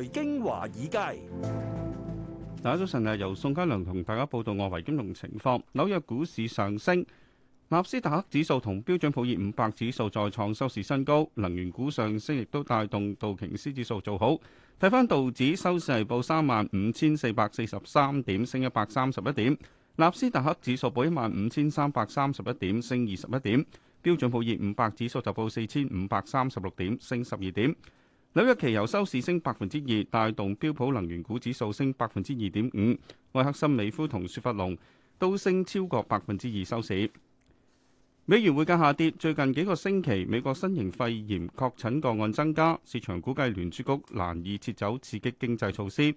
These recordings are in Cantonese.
財經華爾街，大家早晨。由宋家良同大家報道外圍金融情況。紐約股市上升，納斯達克指數同標準普爾五百指數再創收市新高。能源股上升亦都帶動道瓊斯指數做好。睇翻，道指收市係，報三萬五千四百四十三點，升一百三十一點。納斯達克指數報一萬五千三百三十一點，升二十一點。標準普爾五百指數就報四千五百三十六點，升十二點。紐約期油收市升百分之二，帶動標普能源股指數升百分之二點五。愛克森美孚同雪佛龍都升超過百分之二收市。美元匯價下跌，最近幾個星期美國新型肺炎確診個案增加，市場估計聯儲局難以撤走刺激經濟措施。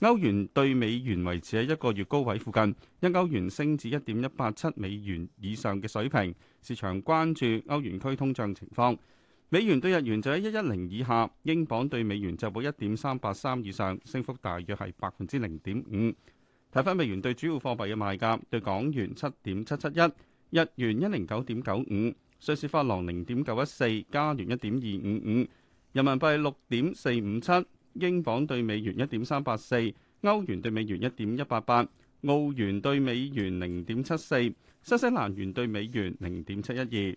歐元對美元維持喺一個月高位附近，一歐元升至一點一八七美元以上嘅水平。市場關注歐元區通脹情況。美元兌日元就喺一一零以下，英鎊對美元就喺一點三八三以上，升幅大約係百分之零點五。睇返美元對主要貨幣嘅賣價，對港元七點七七一，日元一零九點九五，瑞士法郎零點九一四，加元一點二五五，人民幣六點四五七，英鎊對美元一點三八四，歐元對美元一點一八八，澳元對美元零點七四，新西蘭元對美元零點七一二。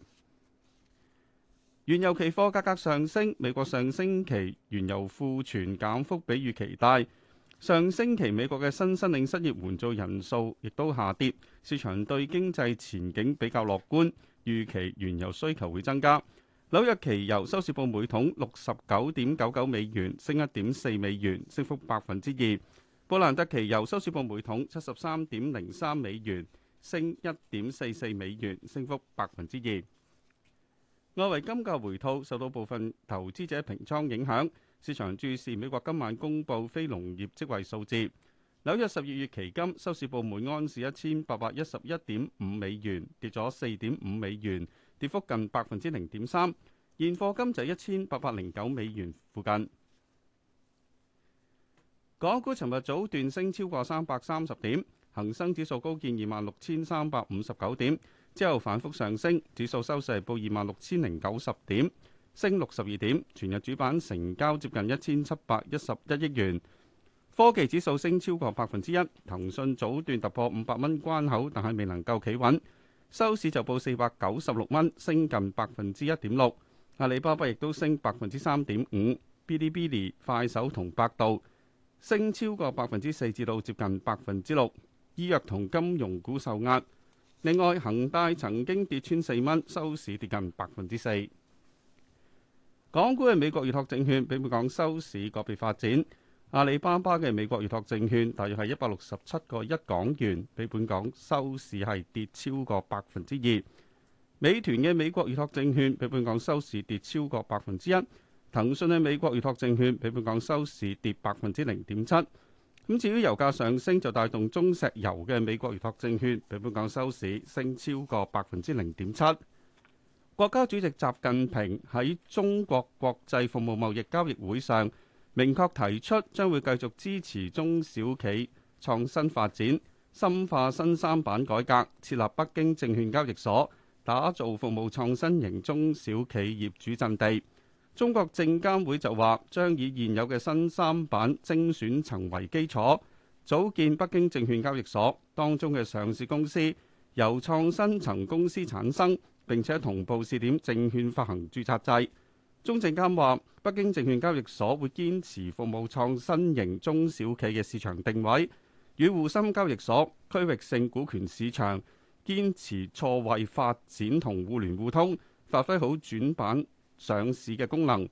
原油期貨價格上升，美國上星期原油庫存減幅比預期大，上星期美國嘅新申領失業援助人數亦都下跌，市場對經濟前景比較樂觀，預期原油需求會增加。紐約期油收市報每桶六十九點九九美元，升一點四美元，升幅百分之二。布蘭特期油收市報每桶七十三點零三美元，升一點四四美元，升幅百分之二。外圍金價回吐，受到部分投資者平倉影響。市場注視美國今晚公布非農業職位數字。紐約十二月期金收市報每安士一千八百一十一點五美元，跌咗四點五美元，跌幅近百分之零點三。現貨金就一千八百零九美元附近。港股尋日早段升超過三百三十點，恒生指數高見二萬六千三百五十九點。之後反覆上升，指數收市報二萬六千零九十點，升六十二點。全日主板成交接近一千七百一十一億元。科技指數升超過百分之一，騰訊早段突破五百蚊關口，但係未能夠企穩，收市就報四百九十六蚊，升近百分之一點六。阿里巴巴亦都升百分之三點五，Bilibili、快手同百度升超過百分之四至到接近百分之六。醫藥同金融股受壓。另外，恒大曾經跌穿四蚊，收市跌近百分之四。港股嘅美國預託證券比本港收市個別發展。阿里巴巴嘅美國預託證券大約係一百六十七個一港元，比本港收市係跌超過百分之二。美團嘅美國預託證券比本港收市跌超過百分之一。騰訊嘅美國預託證券比本港收市跌百分之零點七。咁至於油價上升就帶動中石油嘅美國預託證券比本港收市升超過百分之零點七。國家主席習近平喺中國國際服務貿易交易會上，明確提出將會繼續支持中小企創新發展，深化新三板改革，設立北京證券交易所，打造服務創新型中小企業主陣地。中國證監會就話將以現有嘅新三板精選層為基礎，組建北京證券交易所，當中嘅上市公司由創新層公司產生，並且同步試點證券發行註冊制。中證監話，北京證券交易所會堅持服務創新型中小企嘅市場定位，與滬深交易所區域性股權市場堅持錯位發展同互聯互通，發揮好轉板上市嘅功能，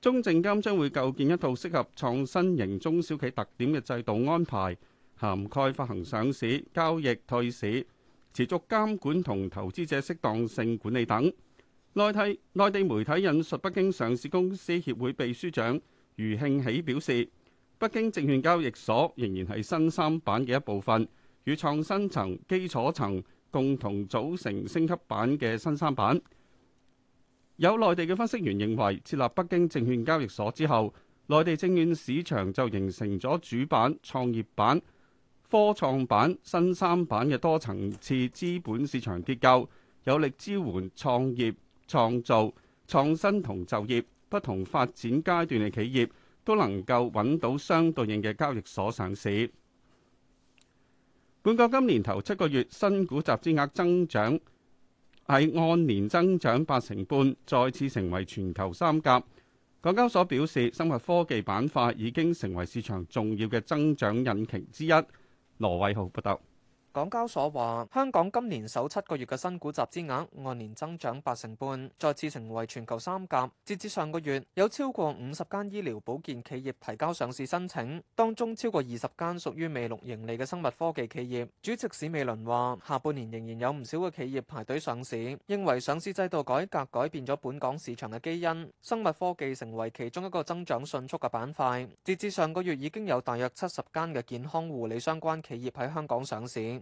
中證監將會構建一套適合創新型中小企特點嘅制度安排，涵蓋發行上市、交易、退市、持續監管同投資者適當性管理等。內地，內地媒體引述北京上市公司協會秘書長余慶喜表示，北京證券交易所仍然係新三板嘅一部分，與創新層、基礎層共同組成升級版嘅新三板。有內地嘅分析員認為，設立北京證券交易所之後，內地證券市場就形成咗主板、創業板、科創板、新三板嘅多層次資本市場結構，有力支援創業、創造、創新同就業不同發展階段嘅企業都能夠揾到相對應嘅交易所上市。本港今年頭七個月新股集資額增長。喺按年增長八成半，再次成為全球三甲。港交所表示，生物科技板塊已經成為市場重要嘅增長引擎之一。羅偉浩報道。港交所話香港今年首七個月嘅新股集資額按年增長八成半，再次成為全球三甲。截至上個月，有超過五十間醫療保健企業提交上市申請，當中超過二十間屬於未錄盈利嘅生物科技企業。主席史美倫話下半年仍然有唔少嘅企業排隊上市，認為上市制度改革改變咗本港市場嘅基因，生物科技成為其中一個增長迅速嘅板塊。截至上個月，已經有大約七十間嘅健康護理相關企業喺香港上市。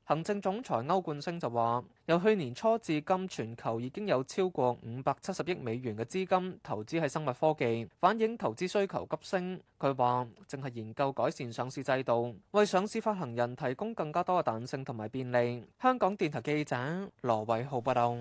行政總裁歐冠昇就話：由去年初至今，全球已經有超過五百七十億美元嘅資金投資喺生物科技，反映投資需求急升。佢話：正係研究改善上市制度，為上市發行人提供更加多嘅彈性同埋便利。香港電台記者羅偉浩報道。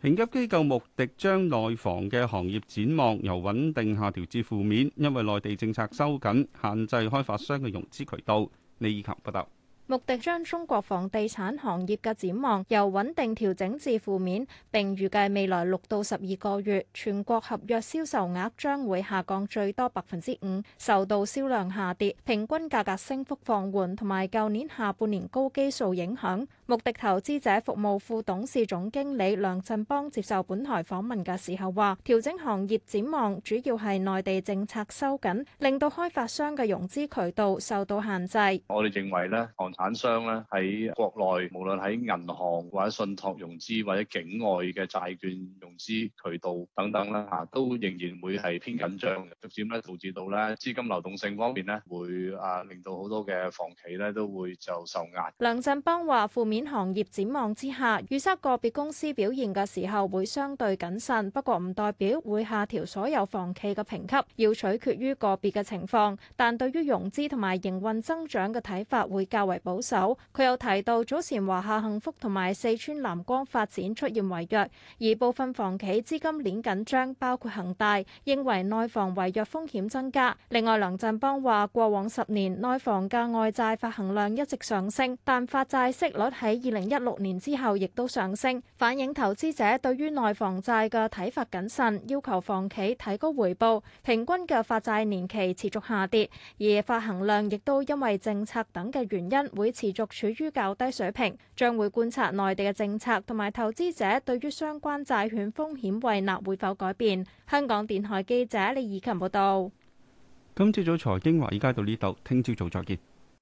評級機構穆迪將內房嘅行業展望由穩定下調至負面，因為內地政策收緊，限制開發商嘅融資渠道。李以勤報道。穆迪將中國房地產行業嘅展望由穩定調整至負面，並預計未來六到十二個月全國合約銷售額將會下降最多百分之五，受到銷量下跌、平均價格升幅放緩同埋舊年下半年高基數影響。穆迪投資者服務副董事總經理梁振邦接受本台訪問嘅時候話，調整行業展望主要係內地政策收緊，令到開發商嘅融資渠道受到限制。我哋認為呢產商咧喺國內，無論喺銀行或者信託融資，或者境外嘅債券融資渠道等等啦，嚇都仍然會係偏緊張，逐漸咧導致到咧資金流動性方面咧會啊令到好多嘅房企咧都會就受壓。梁振邦話：負面行業展望之下，預測個別公司表現嘅時候會相對謹慎，不過唔代表會下調所有房企嘅評級，要取決於個別嘅情況。但對於融資同埋營運增長嘅睇法會較為保守，佢又提到早前華夏幸福同埋四川藍光發展出現違約，而部分房企資金鏈緊張，包括恒大，認為內房違約風險增加。另外，梁振邦話：過往十年內房嘅外債發行量一直上升，但發債息率喺二零一六年之後亦都上升，反映投資者對於內房債嘅睇法謹慎，要求房企提高回報。平均嘅發債年期持續下跌，而發行量亦都因為政策等嘅原因。會持續處於較低水平，將會觀察內地嘅政策同埋投資者對於相關債券風險胃納會否改變。香港電台記者李以勤報道。今朝早財經華爾街到呢度，聽朝早再見。